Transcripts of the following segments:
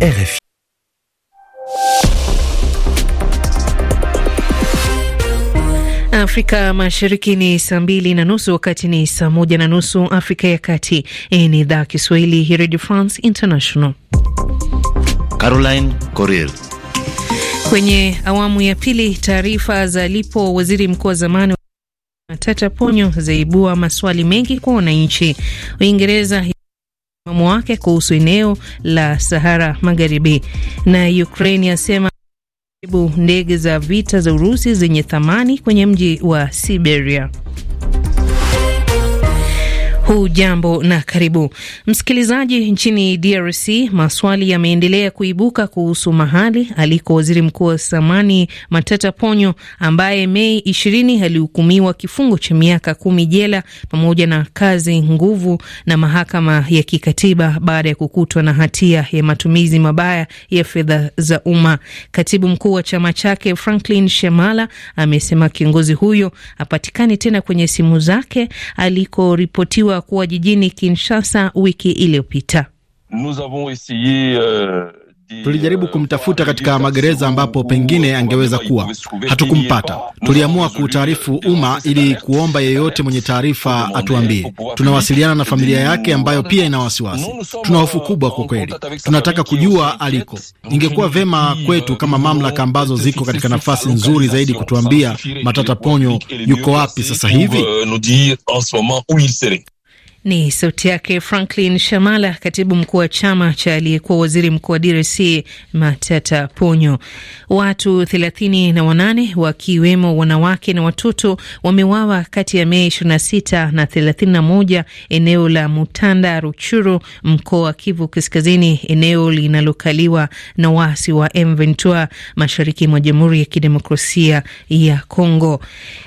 RFI. Afrika Mashariki ni saa mbili na nusu, wakati ni saa moja na nusu Afrika ya Kati. Hii ni idhaa Kiswahili ya Radio France International. Caroline Corrier kwenye awamu ya pili. Taarifa za alipo waziri mkuu wa zamani Matata Ponyo zaibua maswali mengi kwa wananchi Uingereza msimamo wake kuhusu eneo la Sahara Magharibi. Na Ukraine yasema karibu ndege za vita za Urusi zenye thamani kwenye mji wa Siberia. Hujambo na karibu msikilizaji. Nchini DRC maswali yameendelea kuibuka kuhusu mahali aliko waziri mkuu wa zamani Matata Ponyo ambaye Mei ishirini alihukumiwa kifungo cha miaka kumi jela pamoja na kazi nguvu na mahakama ya kikatiba baada ya kukutwa na hatia ya matumizi mabaya ya fedha za umma. Katibu mkuu wa chama chake Franklin Shemala amesema kiongozi huyo apatikane tena kwenye simu zake alikoripotiwa kuwa jijini Kinshasa wiki iliyopita. Euh, Tulijaribu euh, kumtafuta katika magereza ambapo pengine angeweza kuwa, hatukumpata. Tuliamua kuutaarifu umma ili kuomba yeyote mwenye taarifa atuambie. Tunawasiliana na familia yake ambayo pia ina wasiwasi. Tuna hofu kubwa kwa kweli, tunataka kujua aliko. Ingekuwa vema kwetu kama euh, mamlaka ambazo ziko katika nafasi nzuri zaidi kutuambia Matata Ponyo yuko wapi sasa hivi. Ni sauti yake Franklin Shamala, katibu mkuu wa chama cha aliyekuwa waziri mkuu wa DRC Matata Ponyo. Watu thelathini na wanane wakiwemo wanawake na watoto wamewawa kati ya Mei 26 na moja eneo la Mutanda Ruchuru, mkoa wa Kivu Kaskazini, eneo linalokaliwa na waasi wa M23 mashariki mwa Jamhuri ya Kidemokrasia ya congo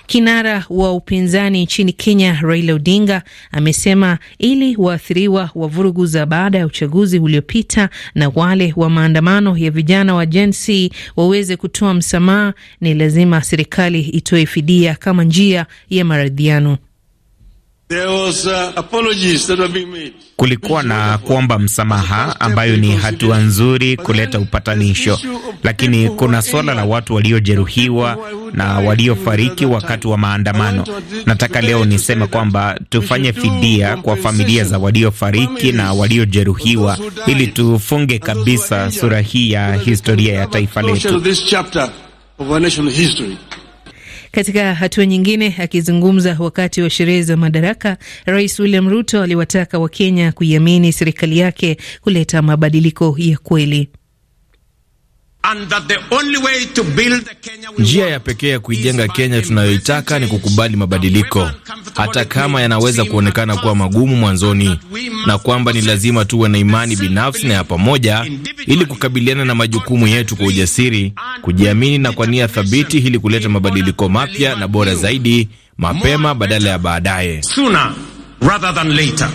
Kinara wa upinzani nchini Kenya Raila Odinga amesema ili waathiriwa wa vurugu za baada ya uchaguzi uliopita na wale wa maandamano ya vijana wa Gen Z waweze kutoa msamaha, ni lazima serikali itoe fidia kama njia ya maridhiano. Uh, Kulikuwa na kuomba msamaha ambayo ni hatua nzuri kuleta upatanisho, lakini kuna suala la watu waliojeruhiwa na waliofariki wakati wa maandamano. Nataka leo niseme kwamba tufanye fidia kwa familia za waliofariki na waliojeruhiwa, ili tufunge kabisa sura hii ya historia ya taifa letu. Katika hatua nyingine, akizungumza wakati wa sherehe za Madaraka, Rais William Ruto aliwataka Wakenya kuiamini serikali yake kuleta mabadiliko ya kweli. Njia ya pekee ya kuijenga Kenya tunayoitaka ni kukubali mabadiliko hata kama yanaweza kuonekana kuwa magumu mwanzoni, na kwamba ni lazima tuwe na imani binafsi na ya pamoja ili kukabiliana na majukumu yetu kwa ujasiri, kujiamini na kwa nia thabiti, ili kuleta mabadiliko mapya na bora zaidi, mapema badala ya baadaye, sooner rather than later.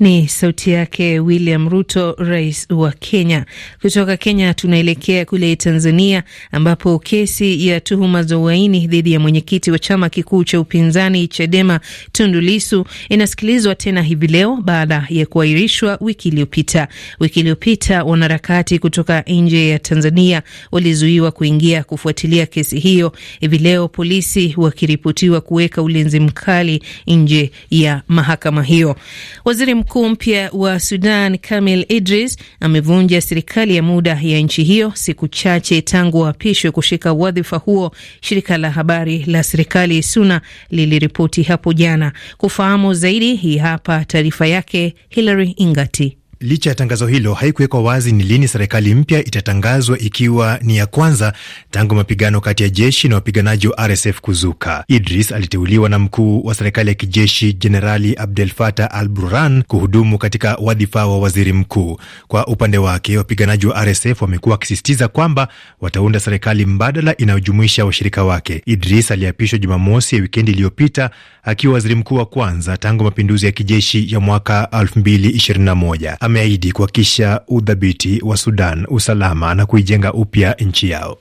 Ni sauti yake William Ruto, rais wa Kenya. Kutoka Kenya tunaelekea kule Tanzania, ambapo kesi ya tuhuma za uhaini dhidi ya mwenyekiti wa chama kikuu cha upinzani Chadema Tundu Lisu inasikilizwa tena hivi leo baada ya kuahirishwa wiki iliyopita. Wiki iliyopita wanaharakati kutoka nje ya Tanzania walizuiwa kuingia kufuatilia kesi hiyo, hivi leo polisi wakiripotiwa kuweka ulinzi mkali nje ya mahakama hiyo. Waziri Mkuu mpya wa Sudan Kamil Idris amevunja serikali ya muda ya nchi hiyo siku chache tangu apishwe kushika wadhifa huo, shirika la habari la serikali SUNA liliripoti hapo jana. Kufahamu zaidi, hii hapa taarifa yake Hilary Ingati. Licha ya tangazo hilo, haikuwekwa wazi ni lini serikali mpya itatangazwa, ikiwa ni ya kwanza tangu mapigano kati ya jeshi na wapiganaji wa RSF kuzuka. Idris aliteuliwa na mkuu wa serikali ya kijeshi Jenerali Abdel Fattah al Burhan kuhudumu katika wadhifa wa waziri mkuu. Kwa upande wake, wapiganaji wa RSF wamekuwa wakisisitiza kwamba wataunda serikali mbadala inayojumuisha washirika wake. Idris aliapishwa Jumamosi ya wikendi iliyopita akiwa waziri mkuu wa kwanza tangu mapinduzi ya kijeshi ya mwaka 2021 ameahidi kuhakikisha udhabiti wa Sudan, usalama na kuijenga upya nchi yao.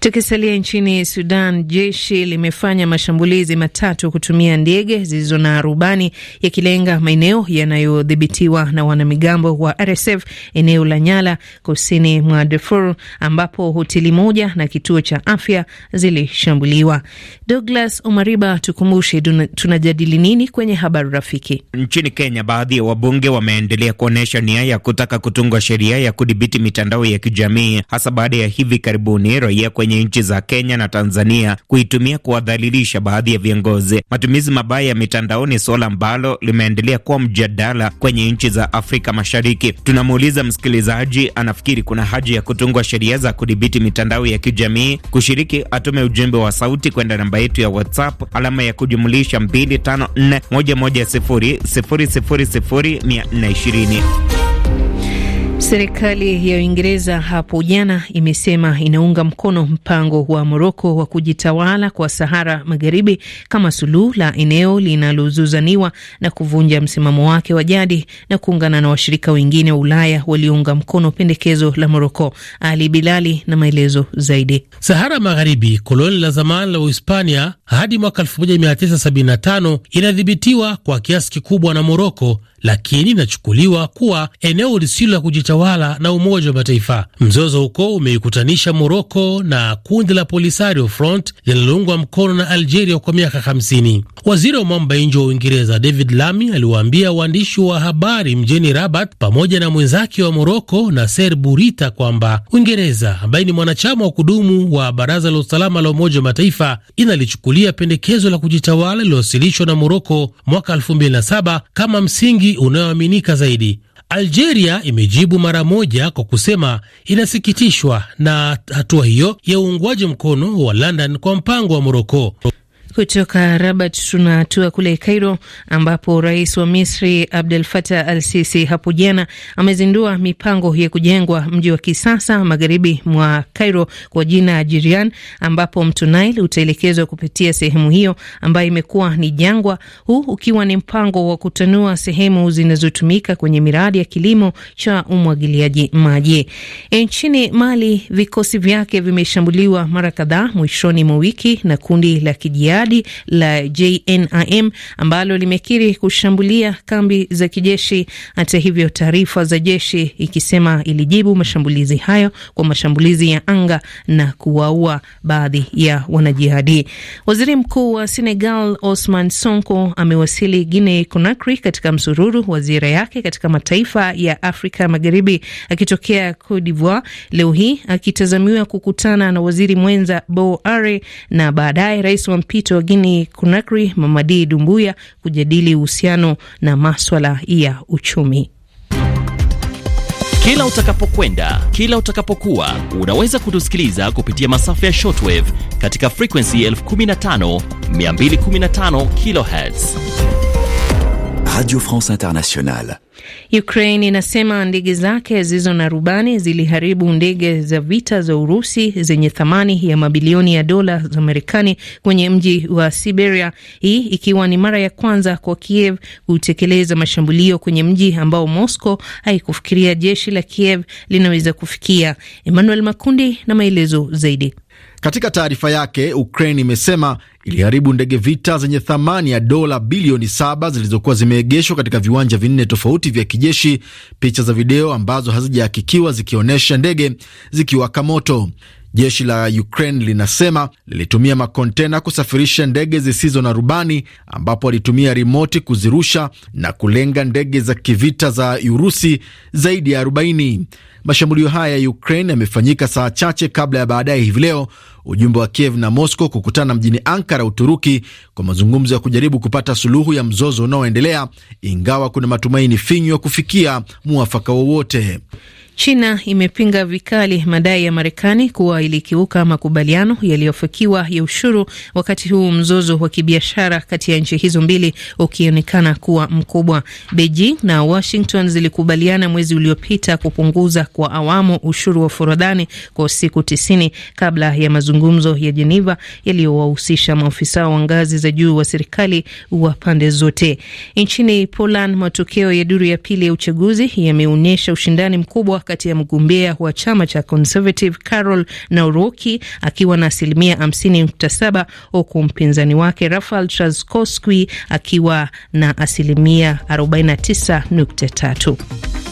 Tukisalia nchini Sudan, jeshi limefanya mashambulizi matatu kutumia ndege zilizo na rubani yakilenga maeneo yanayodhibitiwa na wanamigambo wa RSF eneo la Nyala, kusini mwa Darfur, ambapo hoteli moja na kituo cha afya zilishambuliwa. Douglas Omariba, tukumbushe tunajadili nini kwenye habari rafiki? Nchini Kenya, baadhi ya wabunge wameendelea kuonyesha nia ya kutaka kutungwa sheria ya kudhibiti mitandao ya kijamii hasa baada ya hivi karibuni kuingia kwenye nchi za Kenya na Tanzania kuitumia kuwadhalilisha baadhi ya viongozi. Matumizi mabaya ya mitandao ni suala ambalo limeendelea kuwa mjadala kwenye nchi za Afrika Mashariki. Tunamuuliza msikilizaji, anafikiri kuna haja ya kutungwa sheria za kudhibiti mitandao ya kijamii? Kushiriki, atume ujumbe wa sauti kwenda namba yetu ya WhatsApp alama ya kujumulisha 420. Serikali ya Uingereza hapo jana imesema inaunga mkono mpango wa Moroko wa kujitawala kwa Sahara Magharibi kama suluhu la eneo linalozuzaniwa na kuvunja msimamo wake wa jadi na kuungana na washirika wengine wa Ulaya waliounga mkono pendekezo la Moroko. Ali Bilali na maelezo zaidi. Sahara Magharibi, koloni la zamani la Uhispania hadi mwaka 1975, inadhibitiwa kwa kiasi kikubwa na Moroko lakini inachukuliwa kuwa eneo lisilo la kujitawala na Umoja wa Mataifa. Mzozo huko umeikutanisha Moroko na kundi la Polisario Front linaloungwa mkono na Algeria kwa miaka 50. Waziri wa mambo ya nje wa Uingereza David Lamy aliwaambia waandishi wa habari mjini Rabat pamoja na mwenzake wa Moroko na ser burita kwamba Uingereza ambaye ni mwanachama wa kudumu wa Baraza la Usalama la Umoja wa Mataifa inalichukulia pendekezo la kujitawala lililowasilishwa na Moroko mwaka 2007 kama msingi unayoaminika zaidi. Algeria imejibu mara moja kwa kusema inasikitishwa na hatua hiyo ya uungwaji mkono wa London kwa mpango wa Moroko. Kutoka Rabat tunatua kule Cairo ambapo rais wa Misri Abdel Fattah al Sisi hapo jana amezindua mipango ya kujengwa mji wa kisasa magharibi mwa Cairo kwa jina Jirian, ambapo mto Nile utaelekezwa kupitia sehemu hiyo ambayo imekuwa ni jangwa, huu ukiwa ni mpango wa kutanua sehemu zinazotumika kwenye miradi ya kilimo cha umwagiliaji maji. E, nchini Mali, vikosi vyake vimeshambuliwa mara kadhaa mwishoni mwa wiki na kundi la kijihadi Baghdadi la JNIM ambalo limekiri kushambulia kambi za kijeshi. Hata hivyo, taarifa za jeshi ikisema ilijibu mashambulizi hayo kwa mashambulizi ya anga na kuwaua baadhi ya wanajihadi. Waziri Mkuu wa Senegal Osman Sonko amewasili Guinea Conakry katika msururu wa ziara yake katika mataifa ya Afrika Magharibi akitokea Cote d'Ivoire leo hii akitazamiwa kukutana na waziri mwenza Bo Are na baadaye rais wa mpito Rais wa Guini Conakry Mamadi Dumbuya kujadili uhusiano na maswala ya uchumi. Kila utakapokwenda, kila utakapokuwa, unaweza kutusikiliza kupitia masafa ya shortwave katika frequency 15215 215 kilohertz. Radio France Internationale. Ukraine inasema ndege zake zilizo na rubani ziliharibu ndege za vita za Urusi zenye thamani ya mabilioni ya dola za Marekani kwenye mji wa Siberia, hii ikiwa ni mara ya kwanza kwa Kiev kutekeleza mashambulio kwenye mji ambao Moscow haikufikiria jeshi la Kiev linaweza kufikia. Emmanuel Makundi na maelezo zaidi. Katika taarifa yake Ukraine imesema iliharibu ndege vita zenye thamani ya dola bilioni saba zilizokuwa zimeegeshwa katika viwanja vinne tofauti vikosi vya kijeshi, picha za video ambazo hazijahakikiwa zikionyesha ndege zikiwaka moto. Jeshi la Ukraine linasema lilitumia makontena kusafirisha ndege zisizo na rubani, ambapo walitumia rimoti kuzirusha na kulenga ndege za kivita za Urusi zaidi ya 40. Mashambulio haya ya Ukraine yamefanyika saa chache kabla ya baadaye hivi leo ujumbe wa Kiev na Moscow kukutana mjini Ankara, Uturuki, kwa mazungumzo ya kujaribu kupata suluhu ya mzozo unaoendelea, ingawa kuna matumaini finyu ya kufikia mwafaka wowote. China imepinga vikali madai ya Marekani kuwa ilikiuka makubaliano yaliyofikiwa ya ushuru, wakati huu mzozo wa kibiashara kati ya nchi hizo mbili ukionekana kuwa mkubwa. Beijing na Washington zilikubaliana mwezi uliopita kupunguza kwa awamu ushuru wa forodhani kwa siku tisini kabla ya mazungumzo ya Jeneva yaliyowahusisha maofisa wa ngazi za juu wa serikali wa pande zote. Nchini Poland, matokeo ya duru ya pili ya uchaguzi yameonyesha ushindani mkubwa kati ya mgombea wa chama cha Conservative Carol Nauroki akiwa na asilimia 50.7 huku mpinzani wake Rafael Trzaskowski akiwa na asilimia 49.3.